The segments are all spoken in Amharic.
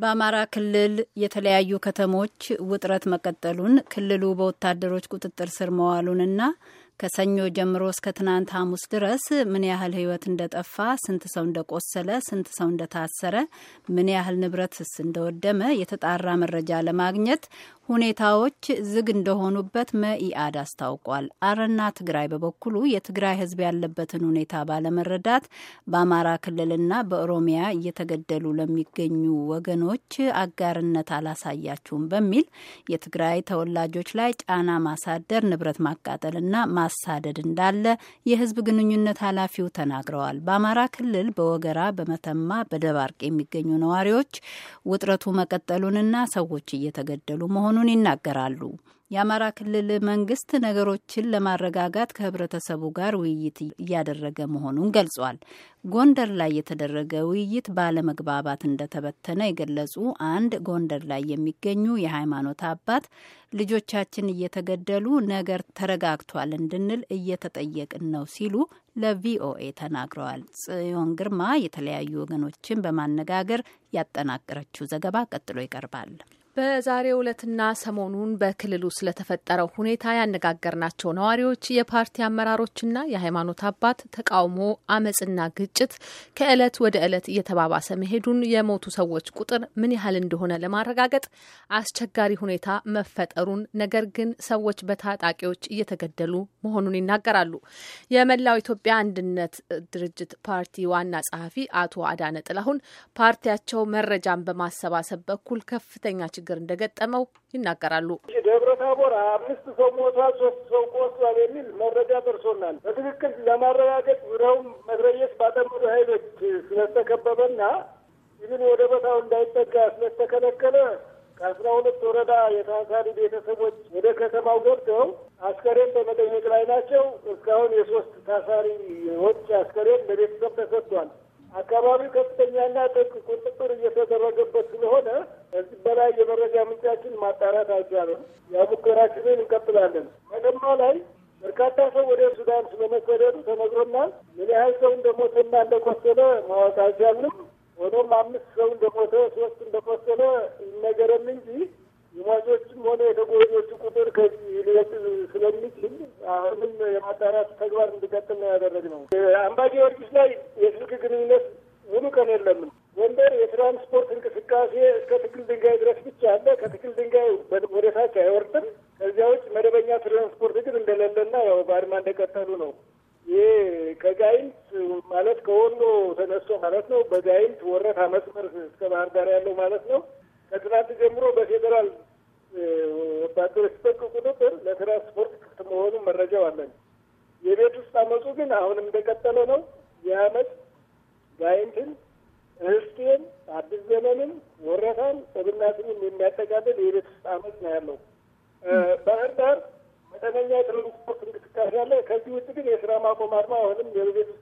በአማራ ክልል የተለያዩ ከተሞች ውጥረት መቀጠሉን ክልሉ በወታደሮች ቁጥጥር ስር መዋሉንና ከሰኞ ጀምሮ እስከ ትናንት ሐሙስ ድረስ ምን ያህል ህይወት እንደጠፋ፣ ስንት ሰው እንደቆሰለ፣ ስንት ሰው እንደታሰረ፣ ምን ያህል ንብረትስ እንደወደመ የተጣራ መረጃ ለማግኘት ሁኔታዎች ዝግ እንደሆኑበት መኢአድ አስታውቋል። አረና ትግራይ በበኩሉ የትግራይ ህዝብ ያለበትን ሁኔታ ባለመረዳት በአማራ ክልልና በኦሮሚያ እየተገደሉ ለሚገኙ ወገኖች አጋርነት አላሳያችሁም በሚል የትግራይ ተወላጆች ላይ ጫና ማሳደር፣ ንብረት ማቃጠልና ማሳደድ እንዳለ የህዝብ ግንኙነት ኃላፊው ተናግረዋል። በአማራ ክልል በወገራ በመተማ በደባርቅ የሚገኙ ነዋሪዎች ውጥረቱ መቀጠሉንና ሰዎች እየተገደሉ መሆኑን ይናገራሉ። የአማራ ክልል መንግስት ነገሮችን ለማረጋጋት ከህብረተሰቡ ጋር ውይይት እያደረገ መሆኑን ገልጿል። ጎንደር ላይ የተደረገ ውይይት ባለመግባባት እንደተበተነ የገለጹ አንድ ጎንደር ላይ የሚገኙ የሃይማኖት አባት ልጆቻችን እየተገደሉ ነገር ተረጋግቷል እንድንል እየተጠየቅን ነው ሲሉ ለቪኦኤ ተናግረዋል። ጽዮን ግርማ የተለያዩ ወገኖችን በማነጋገር ያጠናቀረችው ዘገባ ቀጥሎ ይቀርባል። በዛሬ ዕለትና ሰሞኑን በክልሉ ስለተፈጠረው ሁኔታ ያነጋገርናቸው ነዋሪዎች፣ የፓርቲ አመራሮችና የሃይማኖት አባት ተቃውሞ፣ አመፅና ግጭት ከእለት ወደ እለት እየተባባሰ መሄዱን፣ የሞቱ ሰዎች ቁጥር ምን ያህል እንደሆነ ለማረጋገጥ አስቸጋሪ ሁኔታ መፈጠሩን፣ ነገር ግን ሰዎች በታጣቂዎች እየተገደሉ መሆኑን ይናገራሉ። የመላው ኢትዮጵያ አንድነት ድርጅት ፓርቲ ዋና ጸሐፊ አቶ አዳነ ጥላሁን ፓርቲያቸው መረጃን በማሰባሰብ በኩል ከፍተኛ ችግር እንደገጠመው ይናገራሉ። ደብረ ታቦር አምስት ሰው ሞቷል፣ ሶስት ሰው ቆስሏል የሚል መረጃ ደርሶናል። በትክክል ለማረጋገጥ ዙሪያውን መትረየስ ባጠመዱ ኃይሎች ስለተከበበና ይህን ወደ ቦታው እንዳይጠጋ ስለተከለከለ ከአስራ ሁለት ወረዳ የታሳሪ ቤተሰቦች ወደ ከተማው ገብተው አስከሬን በመጠየቅ ላይ ናቸው። እስካሁን የሶስት ታሳሪዎች አስከሬን ለቤተሰብ ተሰጥቷል። አካባቢው ከፍተኛና ጥብቅ ቁጥጥር እየተደረገበት ስለሆነ እዚህ በላይ የመረጃ ምንጫችን ማጣራት አይቻልም። ያው እንቀጥላለን። መተማ ላይ በርካታ ሰው ወደ ሱዳን ስለመሰደዱ ተነግሮናል። ምን ያህል ሰው እንደሞተና እንደቆሰለ ማወቅ አይቻልም። ሆኖም አምስት ሰው እንደሞተ፣ ሶስት እንደቆሰለ ይነገረን እንጂ የሟቾችም ሆነ የተጎጆቹ ቁጥር ከዚህ ሊቀጥል ስለሚችል አሁንም የማጣራት ተግባር እንዲቀጥል ነው ያደረግነው። አምባ ጊዮርጊስ ላይ የስልክ ግንኙነት ሙሉ ቀን የለምን። ጎንደር የትራንስፖርት እንቅስቃሴ እስከ ትክል ድንጋይ ድረስ ብቻ አለ። ከትክል ድንጋይ ወደ ታች አይወርድም። ከዚያ ውጭ መደበኛ ትራንስፖርት ግን እንደሌለና ያው በአድማ እንደቀጠሉ ነው። ይህ ከጋይንት ማለት ከወሎ ተነስቶ ማለት ነው በጋይንት ወረት መስመር እስከ ባህር ዳር ያለው ማለት ነው እንደቀጠለ ነው። የአመት ጋይንትን፣ እህስቴን አዲስ ዘመንን፣ ወረታን፣ ሰብናትንም የሚያጠቃልል የቤት ውስጥ አመት ነው ያለው። ባህር ዳር መጠነኛ የትራንስፖርት እንቅስቃሴ አለ። ከዚህ ውጭ ግን የስራ ማቆም አድማ አሁንም የቤት ውስጥ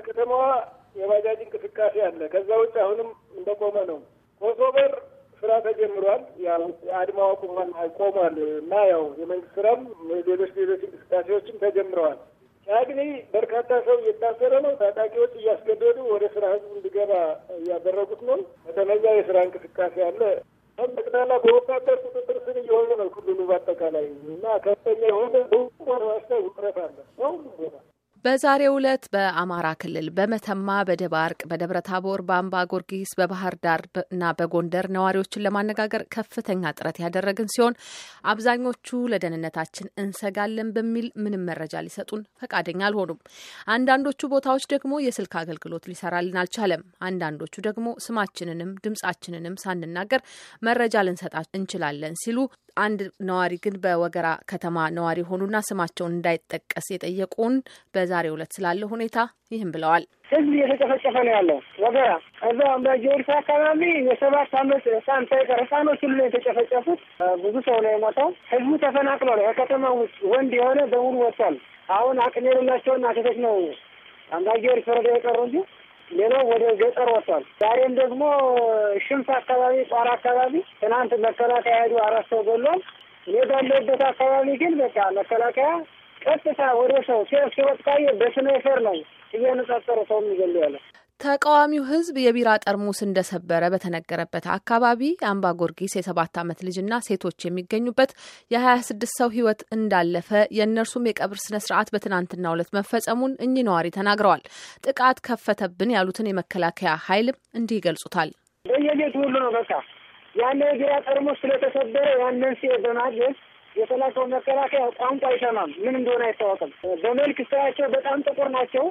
በከተማዋ የባጃጅ እንቅስቃሴ አለ። ከዛ ውጭ አሁንም እንደቆመ ነው። ኮሶበር ስራ ተጀምሯል። ያው አድማዋ ቁሟል ቆሟል እና ያው የመንግስት ስራም ሌሎች ሌሎች እንቅስቃሴዎችም ተጀምረዋል። ቻግኒ በርካታ ሰው እየታሰረ ነው። ታጣቂዎች እያስገደዱ ወደ ስራ ህዝቡ እንዲገባ እያደረጉት ነው። በተለያ የስራ እንቅስቃሴ አለ። ጠቅላላ በወታደር ቁጥጥር ስር እየሆነ ነው ክልሉ በአጠቃላይ እና ከፍተኛ የሆነ ውጥረት አለ ነው ቦታ በዛሬው ዕለት በአማራ ክልል በመተማ፣ በደባርቅ፣ በደብረ ታቦር፣ በአምባ ጎርጊስ፣ በባህር ዳር እና በጎንደር ነዋሪዎችን ለማነጋገር ከፍተኛ ጥረት ያደረግን ሲሆን አብዛኞቹ ለደህንነታችን እንሰጋለን በሚል ምንም መረጃ ሊሰጡን ፈቃደኛ አልሆኑም። አንዳንዶቹ ቦታዎች ደግሞ የስልክ አገልግሎት ሊሰራልን አልቻለም። አንዳንዶቹ ደግሞ ስማችንንም ድምጻችንንም ሳንናገር መረጃ ልንሰጣ እንችላለን ሲሉ አንድ ነዋሪ ግን በወገራ ከተማ ነዋሪ ሆኑና ስማቸውን እንዳይጠቀስ የጠየቁን በዛሬው ዕለት ስላለ ሁኔታ ይህም ብለዋል። ህዝብ እየተጨፈጨፈ ነው ያለው ወገራ። እዛ በጊዮርጊስ አካባቢ የሰባት አመት ህፃን ሳይቀር ህፃኖች ሁሉ የተጨፈጨፉት። ብዙ ሰው ነው የሞተው። ህዝቡ ተፈናቅሎ ነው ከከተማ ውስጥ ወንድ የሆነ በሙሉ ወጥቷል። አሁን አቅም የሌላቸውና ሴቶች ነው በጊዮርጊስ ወረዳ የቀሩ እንጂ ሌላው ወደ ገጠር ወጥቷል። ዛሬም ደግሞ ሽንፍ አካባቢ፣ ጧር አካባቢ ትናንት መከላከያ ሄዱ፣ አራት ሰው ገሏል። እኔ ባለሁበት አካባቢ ግን በቃ መከላከያ ቀጥታ ወደ ሰው ሲወጥቃየ በስናይፈር ነው እያነጻጸረ ሰው የሚገሉ ያለ ተቃዋሚው ህዝብ የቢራ ጠርሙስ እንደሰበረ በተነገረበት አካባቢ አምባ ጎርጊስ የሰባት ዓመት ልጅና ሴቶች የሚገኙበት የ26 ሰው ህይወት እንዳለፈ የእነርሱም የቀብር ስነ ስርዓት በትናንትናው ዕለት መፈጸሙን እኚህ ነዋሪ ተናግረዋል። ጥቃት ከፈተብን ያሉትን የመከላከያ ኃይልም እንዲህ ይገልጹታል። በየቤቱ ሁሉ ነው። በቃ ያለ የቢራ ጠርሙስ ስለተሰበረ ያንን ሲ በማግኘት የተላከው መከላከያ ቋንቋ አይሰማም። ምን እንደሆነ አይታወቅም። በመልክ ስራቸው በጣም ጥቁር ናቸው።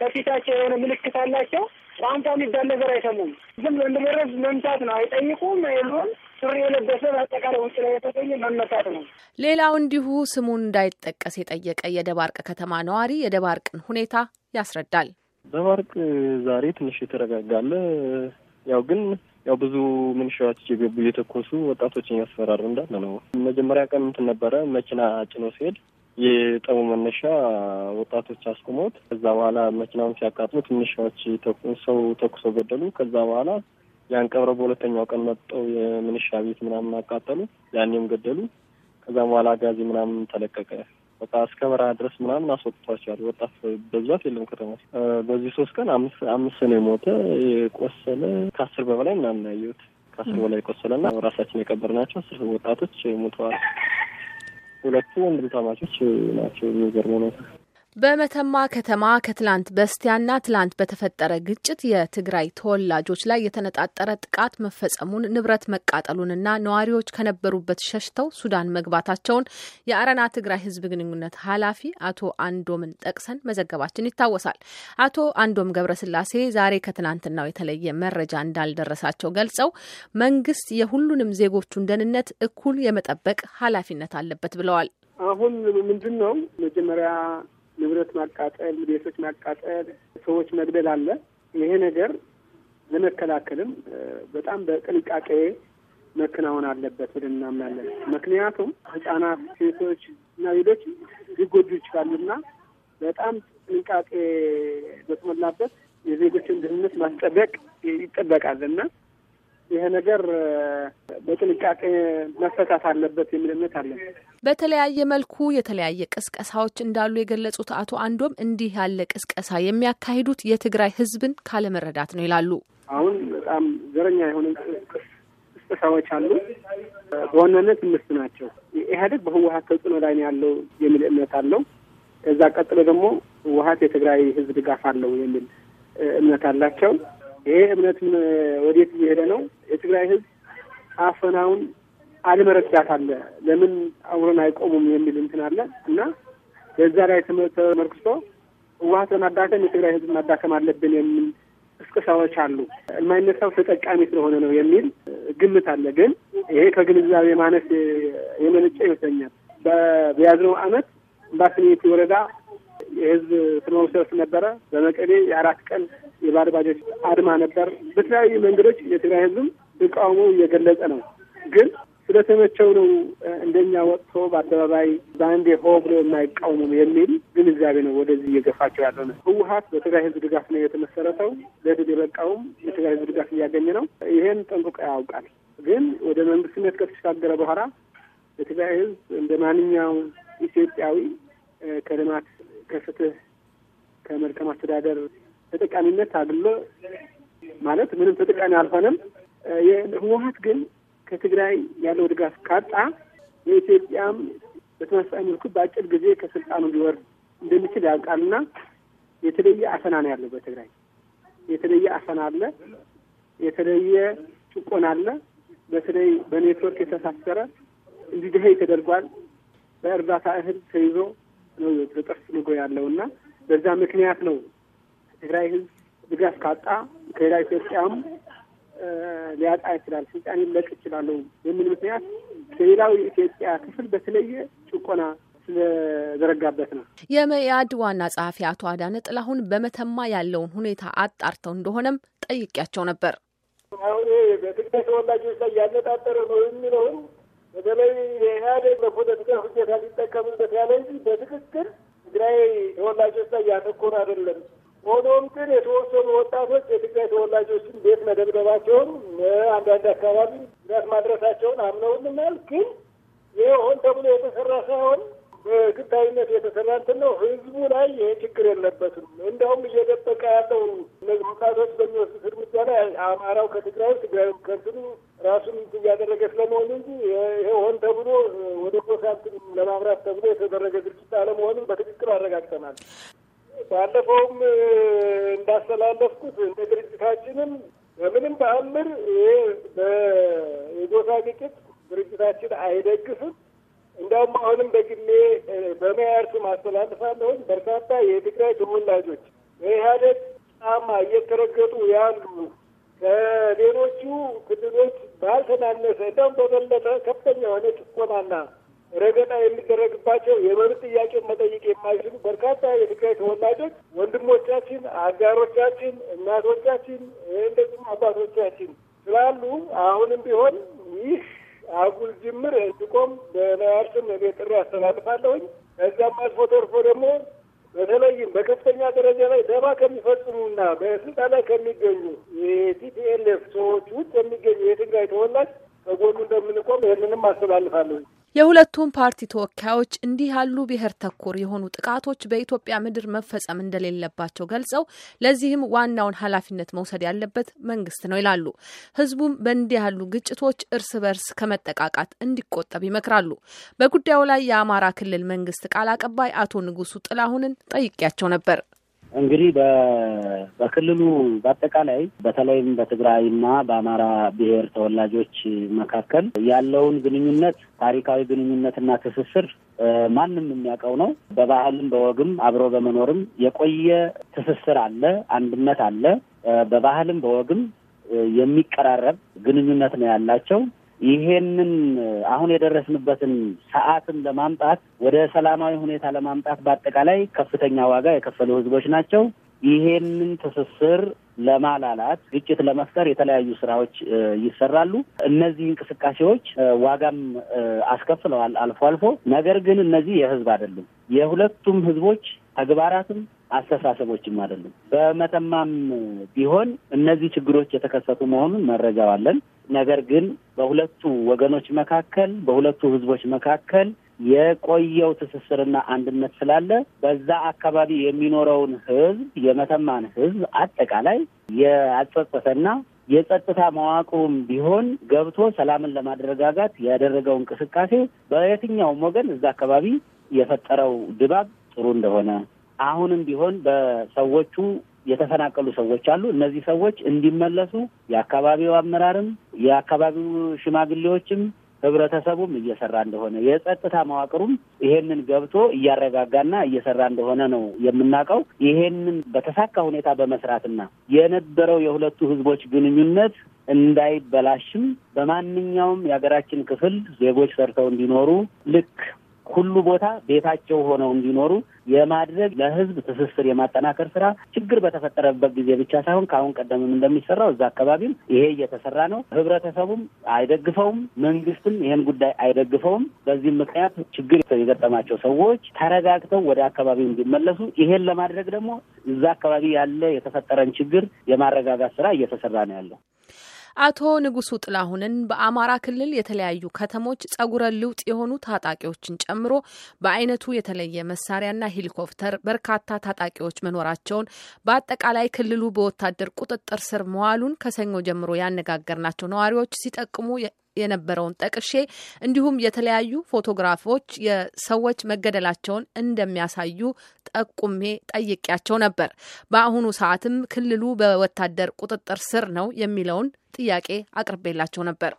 ከፊታቸው የሆነ ምልክት አላቸው። ቋንቋ የሚባል ነገር አይሰሙም። ዝም ብሎ እንድመረዝ መምታት ነው። አይጠይቁም አይሉም። ሱሪ የለበሰ በአጠቃላይ ውጭ ላይ የተገኘ መመታት ነው። ሌላው እንዲሁ ስሙን እንዳይጠቀስ የጠየቀ የደባርቅ ከተማ ነዋሪ የደባርቅን ሁኔታ ያስረዳል። ደባርቅ ዛሬ ትንሽ የተረጋጋለ ያው ግን ያው ብዙ ምንሻዎች እየገቡ እየተኮሱ ወጣቶችን ያስፈራሩ እንዳለ ነው። መጀመሪያ ቀን እንትን ነበረ መኪና ጭኖ ሲሄድ የጠሙ መነሻ ወጣቶች አስቁመውት ከዛ በኋላ መኪናውን ሲያቃጥሉ ትንሻዎች ሰው ተኩሰው ገደሉ። ከዛ በኋላ ያን ቀብረው በሁለተኛው ቀን መጠው የምንሻ ቤት ምናምን አቃጠሉ። ያኔም ገደሉ። ከዛ በኋላ አጋዚ ምናምን ተለቀቀ። በቃ እስከ በረሃ ድረስ ምናምን አስወጥቷቸዋል። ወጣት በብዛት የለም ከተማ በዚህ ሶስት ቀን አምስት አምስት ነው የሞተ የቆሰለ ከአስር በበላይ ምናምን ያየሁት ከአስር በላይ የቆሰለና ራሳችን የቀበር ናቸው አስር ወጣቶች ሞተዋል። ሁለቱ ወንድም ናቸው። የሚገርመው ነው በመተማ ከተማ ከትላንት በስቲያና ትላንት በተፈጠረ ግጭት የትግራይ ተወላጆች ላይ የተነጣጠረ ጥቃት መፈጸሙን ንብረት መቃጠሉንና ነዋሪዎች ከነበሩበት ሸሽተው ሱዳን መግባታቸውን የአረና ትግራይ ሕዝብ ግንኙነት ኃላፊ አቶ አንዶምን ጠቅሰን መዘገባችን ይታወሳል። አቶ አንዶም ገብረስላሴ ዛሬ ከትናንትናው የተለየ መረጃ እንዳልደረሳቸው ገልጸው መንግስት የሁሉንም ዜጎቹን ደህንነት እኩል የመጠበቅ ኃላፊነት አለበት ብለዋል። አሁን ምንድን ነው መጀመሪያ ንብረት ማቃጠል፣ ቤቶች ማቃጠል፣ ሰዎች መግደል አለ። ይሄ ነገር ለመከላከልም በጣም በጥንቃቄ መከናወን አለበት ብለን እናምናለን። ምክንያቱም ህጻናት፣ ሴቶች እና ሌሎች ሊጎዱ ይችላሉና በጣም ጥንቃቄ በተሞላበት የዜጎችን ደህንነት ማስጠበቅ ይጠበቃል እና ይሄ ነገር በጥንቃቄ መፈታት አለበት የሚል እምነት አለ። በተለያየ መልኩ የተለያየ ቅስቀሳዎች እንዳሉ የገለጹት አቶ አንዶም እንዲህ ያለ ቅስቀሳ የሚያካሂዱት የትግራይ ህዝብን ካለመረዳት ነው ይላሉ። አሁን በጣም ዘረኛ የሆነ ቅስቀሳዎች አሉ። በዋናነት አምስት ናቸው። ኢህአዴግ በህወሀት ተጽዕኖ ላይ ነው ያለው የሚል እምነት አለው። ከዛ ቀጥሎ ደግሞ ህወሀት የትግራይ ህዝብ ድጋፍ አለው የሚል እምነት አላቸው። ይሄ እምነትም ወዴት እየሄደ ነው? የትግራይ ህዝብ አፈናውን አለመረዳት አለ። ለምን አብረን አይቆሙም የሚል እንትን አለ እና በዛ ላይ ተመርክቶ ህወሓት ለማዳከም የትግራይ ህዝብ ማዳከም አለብን የሚል እስቅሳዎች አሉ። የማይነሳው ተጠቃሚ ስለሆነ ነው የሚል ግምት አለ። ግን ይሄ ከግንዛቤ ማነስ የመነጨ ይመስለኛል። በያዝነው አመት እምባሰኔት ወረዳ የህዝብ ሰላማዊ ሰልፍ ነበረ። በመቀሌ የአራት ቀን የባጃጆች አድማ ነበር። በተለያዩ መንገዶች የትግራይ ህዝብም ተቃውሞ እየገለጸ ነው። ግን ስለተመቸው ነው እንደኛ ወጥቶ በአደባባይ በአንዴ ሆ ብሎ የማይቃወሙም የሚል ግንዛቤ ነው ወደዚህ እየገፋቸው ያለ ነው። ህወሀት በትግራይ ህዝብ ድጋፍ ነው የተመሰረተው። ለድል የበቃውም የትግራይ ህዝብ ድጋፍ እያገኘ ነው። ይሄን ጠንቅቆ ያውቃል። ግን ወደ መንግስትነት ከተሸጋገረ በኋላ የትግራይ ህዝብ እንደ ማንኛውም ኢትዮጵያዊ ከልማት ከፍትህ ከመልካም አስተዳደር ተጠቃሚነት አግሎ ማለት ምንም ተጠቃሚ አልሆነም። ህወሀት ግን ከትግራይ ያለው ድጋፍ ካጣ የኢትዮጵያም በተመሳሳይ መልኩ በአጭር ጊዜ ከስልጣኑ ሊወርድ እንደሚችል ያውቃልና የተለየ አፈና ነው ያለው። በትግራይ የተለየ አፈና አለ፣ የተለየ ጭቆና አለ። በተለይ በኔትወርክ የተሳሰረ እንዲደኸይ ተደርጓል። በእርዳታ እህል ተይዞ ነው ተጠፍንጎ ያለው እና በዛ ምክንያት ነው ትግራይ ህዝብ ድጋፍ ካጣ ከሌላ ኢትዮጵያም ሊያጣ ይችላል፣ ስልጣን ይለቅ ይችላለሁ የሚል ምክንያት ከሌላው የኢትዮጵያ ክፍል በተለየ ጭቆና ስለዘረጋበት ነው። የመኢአድ ዋና ጸሐፊ አቶ አዳነ ጥላሁን በመተማ ያለውን ሁኔታ አጣርተው እንደሆነም ጠይቄያቸው ነበር። አሁን በትግራይ ተወላጆች ላይ ያነጣጠረ ነው የሚለውን በተለይ የኢህአዴግ በፖለቲካ ፍጀታ ሊጠቀምበት ያለ እንጂ በትክክል ትግራይ ተወላጆች ላይ ያተኮር አይደለም። ሆኖም ግን የተወሰኑ ወጣቶች የትግራይ ተወላጆችን ቤት መደብደባቸውን፣ አንዳንድ አካባቢ ጉዳት ማድረሳቸውን አምነውልናል። ግን ይህ ሆን ተብሎ የተሰራ ሳይሆን በግዳይነት የተሰራ እንትን ነው። ህዝቡ ላይ ይሄ ችግር የለበትም። እንደውም እየደበቀ ያለው እነዚህ ወጣቶች በሚወስዱት እርምጃ ላይ አማራው ከትግራይ ትግራዩ ከእንትኑ ራሱን እያደረገ ስለመሆኑ እንጂ ይሄ ሆን ተብሎ ወደ ኮሳንት ለማምራት ተብሎ የተደረገ ድርጅት አለመሆኑን በትክክል አረጋግጠናል። ባለፈውም እንዳስተላለፍኩት እንደ ድርጅታችንም በምንም በአምር ይሄ የጎሳ ግጭት ድርጅታችን አይደግፍም። እንዲያውም አሁንም በግሌ በመያር ስም አስተላልፋለሁ። በርካታ የትግራይ ተወላጆች በኢህአዴግ ጫማ እየተረገጡ ያሉ ከሌሎቹ ክልሎች ባልተናነሰ እንደውም በበለጠ ከፍተኛ የሆነ ጭቆናና ረገጣ የሚደረግባቸው የመብት ጥያቄ መጠየቅ የማይችሉ በርካታ የትግራይ ተወላጆች ወንድሞቻችን፣ አጋሮቻችን፣ እናቶቻችን እንደዚሁም አባቶቻችን ስላሉ አሁንም ቢሆን ይህ አጉል ጅምር እንዲቆም በናያርስም እኔ ጥሪ አስተላልፋለሁኝ። ከዚያም አልፎ ተርፎ ደግሞ በተለይም በከፍተኛ ደረጃ ላይ ደባ ከሚፈጽሙና በስልጣን ላይ ከሚገኙ የቲፒኤልኤፍ ሰዎች ውስጥ የሚገኙ የትግራይ ተወላጅ ከጎኑ እንደምንቆም ይህንንም አስተላልፋለሁ። የሁለቱም ፓርቲ ተወካዮች እንዲህ ያሉ ብሔር ተኮር የሆኑ ጥቃቶች በኢትዮጵያ ምድር መፈጸም እንደሌለባቸው ገልጸው ለዚህም ዋናውን ኃላፊነት መውሰድ ያለበት መንግስት ነው ይላሉ። ህዝቡም በእንዲህ ያሉ ግጭቶች እርስ በርስ ከመጠቃቃት እንዲቆጠብ ይመክራሉ። በጉዳዩ ላይ የአማራ ክልል መንግስት ቃል አቀባይ አቶ ንጉሱ ጥላሁንን ጠይቄያቸው ነበር። እንግዲህ በክልሉ በአጠቃላይ በተለይም በትግራይና በአማራ ብሔር ተወላጆች መካከል ያለውን ግንኙነት ታሪካዊ ግንኙነትና ትስስር ማንም የሚያውቀው ነው። በባህልም በወግም አብሮ በመኖርም የቆየ ትስስር አለ፣ አንድነት አለ። በባህልም በወግም የሚቀራረብ ግንኙነት ነው ያላቸው። ይሄንን አሁን የደረስንበትን ሰዓትን ለማምጣት ወደ ሰላማዊ ሁኔታ ለማምጣት በአጠቃላይ ከፍተኛ ዋጋ የከፈሉ ህዝቦች ናቸው። ይሄንን ትስስር ለማላላት ግጭት ለመፍጠር የተለያዩ ስራዎች ይሰራሉ። እነዚህ እንቅስቃሴዎች ዋጋም አስከፍለዋል አልፎ አልፎ። ነገር ግን እነዚህ የህዝብ አይደሉም፣ የሁለቱም ህዝቦች ተግባራትም አስተሳሰቦችም አይደሉም። በመተማም ቢሆን እነዚህ ችግሮች የተከሰቱ መሆኑን መረጃው አለን። ነገር ግን በሁለቱ ወገኖች መካከል በሁለቱ ህዝቦች መካከል የቆየው ትስስርና አንድነት ስላለ በዛ አካባቢ የሚኖረውን ህዝብ የመተማን ህዝብ አጠቃላይ የአጸጸተና የጸጥታ መዋቅሩም ቢሆን ገብቶ ሰላምን ለማድረጋጋት ያደረገው እንቅስቃሴ በየትኛውም ወገን እዛ አካባቢ የፈጠረው ድባብ ጥሩ እንደሆነ አሁንም ቢሆን በሰዎቹ የተፈናቀሉ ሰዎች አሉ። እነዚህ ሰዎች እንዲመለሱ የአካባቢው አመራርም የአካባቢው ሽማግሌዎችም ህብረተሰቡም እየሰራ እንደሆነ የጸጥታ መዋቅሩም ይሄንን ገብቶ እያረጋጋና እየሰራ እንደሆነ ነው የምናውቀው። ይሄንን በተሳካ ሁኔታ በመስራትና የነበረው የሁለቱ ህዝቦች ግንኙነት እንዳይበላሽም በማንኛውም የሀገራችን ክፍል ዜጎች ሰርተው እንዲኖሩ ልክ ሁሉ ቦታ ቤታቸው ሆነው እንዲኖሩ የማድረግ ለህዝብ ትስስር የማጠናከር ስራ ችግር በተፈጠረበት ጊዜ ብቻ ሳይሆን ከአሁን ቀደምም እንደሚሰራው እዛ አካባቢም ይሄ እየተሰራ ነው። ህብረተሰቡም አይደግፈውም፣ መንግስትም ይህን ጉዳይ አይደግፈውም። በዚህም ምክንያት ችግር የገጠማቸው ሰዎች ተረጋግተው ወደ አካባቢው እንዲመለሱ ይሄን ለማድረግ ደግሞ እዛ አካባቢ ያለ የተፈጠረን ችግር የማረጋጋት ስራ እየተሰራ ነው ያለው። አቶ ንጉሱ ጥላሁንን በአማራ ክልል የተለያዩ ከተሞች ጸጉረ ልውጥ የሆኑ ታጣቂዎችን ጨምሮ በአይነቱ የተለየ መሳሪያና ሄሊኮፕተር በርካታ ታጣቂዎች መኖራቸውን በአጠቃላይ ክልሉ በወታደር ቁጥጥር ስር መዋሉን ከሰኞ ጀምሮ ያነጋገርናቸው ነዋሪዎች ሲጠቅሙ የነበረውን ጠቅሼ እንዲሁም የተለያዩ ፎቶግራፎች የሰዎች መገደላቸውን እንደሚያሳዩ ጠቁሜ ጠይቄያቸው ነበር። በአሁኑ ሰዓትም ክልሉ በወታደር ቁጥጥር ስር ነው የሚለውን ጥያቄ አቅርቤላቸው ነበር።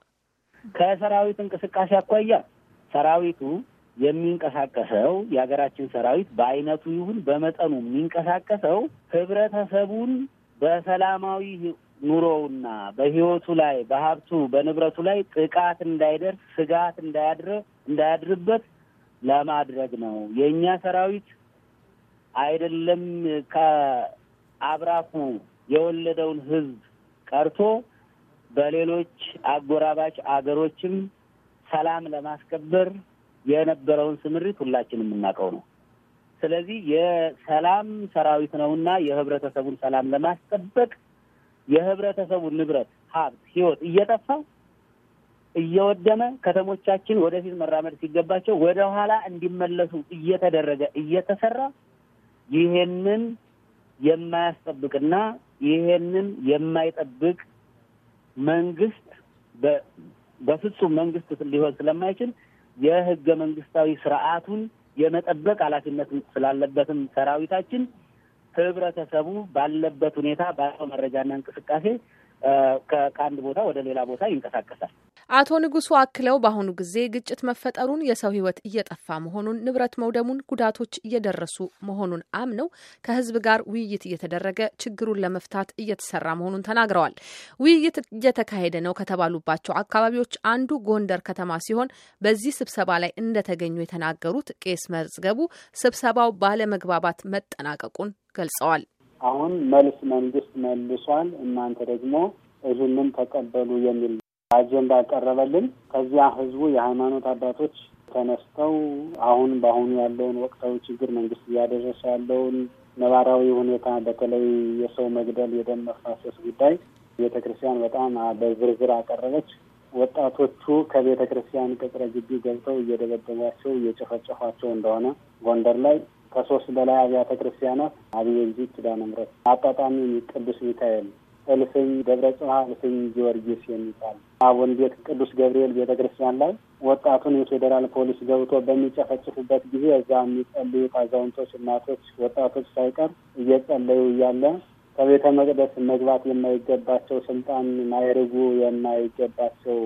ከሰራዊት እንቅስቃሴ አኳያ ሰራዊቱ የሚንቀሳቀሰው የሀገራችን ሰራዊት በአይነቱ ይሁን በመጠኑ የሚንቀሳቀሰው ህብረተሰቡን በሰላማዊ ኑሮውና በህይወቱ ላይ በሀብቱ በንብረቱ ላይ ጥቃት እንዳይደርስ ስጋት እንዳያድር እንዳያድርበት ለማድረግ ነው። የእኛ ሰራዊት አይደለም ከአብራኩ የወለደውን ህዝብ ቀርቶ በሌሎች አጎራባች አገሮችም ሰላም ለማስከበር የነበረውን ስምሪት ሁላችንም የምናውቀው ነው። ስለዚህ የሰላም ሰራዊት ነውና የህብረተሰቡን ሰላም ለማስጠበቅ የህብረተሰቡ ንብረት፣ ሀብት፣ ህይወት እየጠፋ እየወደመ ከተሞቻችን ወደፊት መራመድ ሲገባቸው ወደ ኋላ እንዲመለሱ እየተደረገ እየተሰራ ይሄንን የማያስጠብቅና ይሄንን የማይጠብቅ መንግስት በፍጹም መንግስት ሊሆን ስለማይችል የህገ መንግስታዊ ስርዓቱን የመጠበቅ ኃላፊነት ስላለበትም ሰራዊታችን ህብረተሰቡ ባለበት ሁኔታ ባለው መረጃና እንቅስቃሴ ከአንድ ቦታ ወደ ሌላ ቦታ ይንቀሳቀሳል። አቶ ንጉሱ አክለው በአሁኑ ጊዜ ግጭት መፈጠሩን፣ የሰው ህይወት እየጠፋ መሆኑን፣ ንብረት መውደሙን፣ ጉዳቶች እየደረሱ መሆኑን አምነው ከህዝብ ጋር ውይይት እየተደረገ ችግሩን ለመፍታት እየተሰራ መሆኑን ተናግረዋል። ውይይት እየተካሄደ ነው ከተባሉባቸው አካባቢዎች አንዱ ጎንደር ከተማ ሲሆን በዚህ ስብሰባ ላይ እንደተገኙ የተናገሩት ቄስ መዝገቡ ስብሰባው ባለመግባባት መጠናቀቁን ገልጸዋል። አሁን መልስ መንግስት መልሷል፣ እናንተ ደግሞ እዙንም ተቀበሉ የሚል አጀንዳ ያቀረበልን። ከዚያ ህዝቡ የሃይማኖት አባቶች ተነስተው አሁን በአሁኑ ያለውን ወቅታዊ ችግር መንግስት እያደረሰ ያለውን ነባራዊ ሁኔታ በተለይ የሰው መግደል፣ የደም መፋሰስ ጉዳይ ቤተ ክርስቲያን በጣም በዝርዝር አቀረበች። ወጣቶቹ ከቤተ ክርስቲያን ቅጥረ ግቢ ገብተው እየደበደቧቸው እየጨፈጨፏቸው እንደሆነ ጎንደር ላይ ከሶስት በላይ አብያተ ክርስቲያናት አብየ እግዚእ ኪዳነ ምሕረት፣ አጣጣሚ ቅዱስ ሚካኤል፣ እልፍኝ ደብረ ጽሃ እልፍኝ ጊዮርጊስ የሚባል አቡን ቤት ቅዱስ ገብርኤል ቤተ ክርስቲያን ላይ ወጣቱን የፌዴራል ፖሊስ ገብቶ በሚጨፈጭፉበት ጊዜ እዛ የሚጸልዩ አዛውንቶች፣ እናቶች፣ ወጣቶች ሳይቀር እየጸለዩ እያለ ከቤተ መቅደስ መግባት የማይገባቸው ስልጣን ማይርጉ የማይገባቸው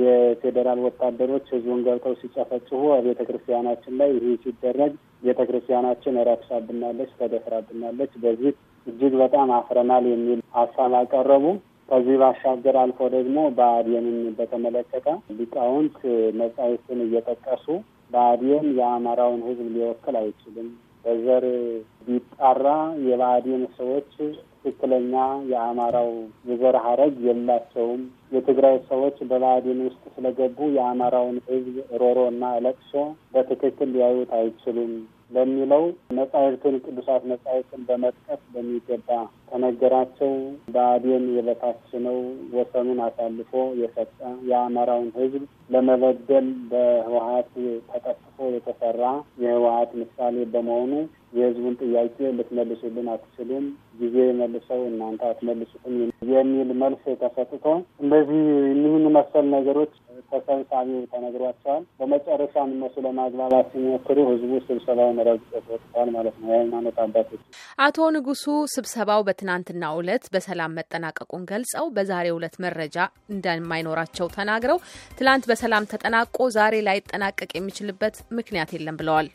የፌዴራል ወታደሮች ህዝቡን ገብተው ሲጨፈጭፉ ቤተ ክርስቲያናችን ላይ ይህ ሲደረግ ቤተ ክርስቲያናችን ረክሳብናለች፣ ተደፍራብናለች፣ በዚህ እጅግ በጣም አፍረናል የሚል ሀሳብ አቀረቡ። ከዚህ ባሻገር አልፎ ደግሞ ብአዴንን በተመለከተ ሊቃውንት መጻሕፍትን እየጠቀሱ ብአዴን የአማራውን ሕዝብ ሊወክል አይችልም፣ በዘር ቢጣራ የብአዴን ሰዎች ትክክለኛ የአማራው የዘር ሀረግ የላቸውም፣ የትግራይ ሰዎች በብአዴን ውስጥ ስለገቡ የአማራውን ሕዝብ እና ለቅሶ በትክክል ሊያዩት አይችሉም በሚለው መጻሕፍትን ቅዱሳት መጻሕፍትን በመጥቀስ በሚገባ ተነገራቸው። በአዴን የበታች ነው ወሰኑን አሳልፎ የሰጠ የአማራውን ሕዝብ ለመበደል በህወሀት ተቀስፎ የተሰራ የህወሀት ምሳሌ በመሆኑ የህዝቡን ጥያቄ ልትመልሱልን አትችሉም፣ ጊዜ መልሰው እናንተ አትመልሱትም የሚል መልስ ተሰጥቶ እንደዚህ እኒህን መሰል ነገሮች ተሰብሳቢው ተነግሯቸዋል። በመጨረሻ እነሱ ለማግባባት ሲሞክሩ ህዝቡ ስብሰባው ረግጦት ወጥቷል ማለት ነው። የሃይማኖት አባቶች አቶ ንጉሱ ስብሰባው በትናንትናው ዕለት በሰላም መጠናቀቁን ገልጸው በዛሬው ዕለት መረጃ እንደማይኖራቸው ተናግረው ትላንት በሰላም ተጠናቆ ዛሬ ላይጠናቀቅ የሚችልበት ምክንያት የለም ብለዋል።